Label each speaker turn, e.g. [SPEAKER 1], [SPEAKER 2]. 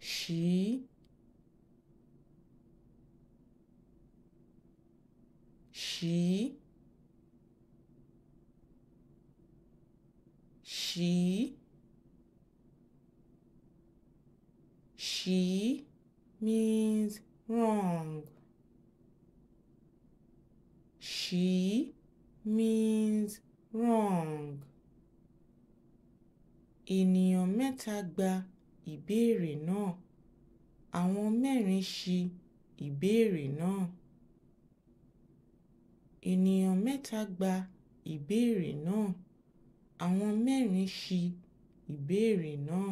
[SPEAKER 1] she she she she means wrong
[SPEAKER 2] she means wrong ènìyàn mẹ́ta gba ìbéèrè náà àwọn mẹ́rin ṣi ìbéèrè náà ènìyàn mẹ́ta gba ìbéèrè náà àwọn mẹ́rin ṣi ìbéèrè náà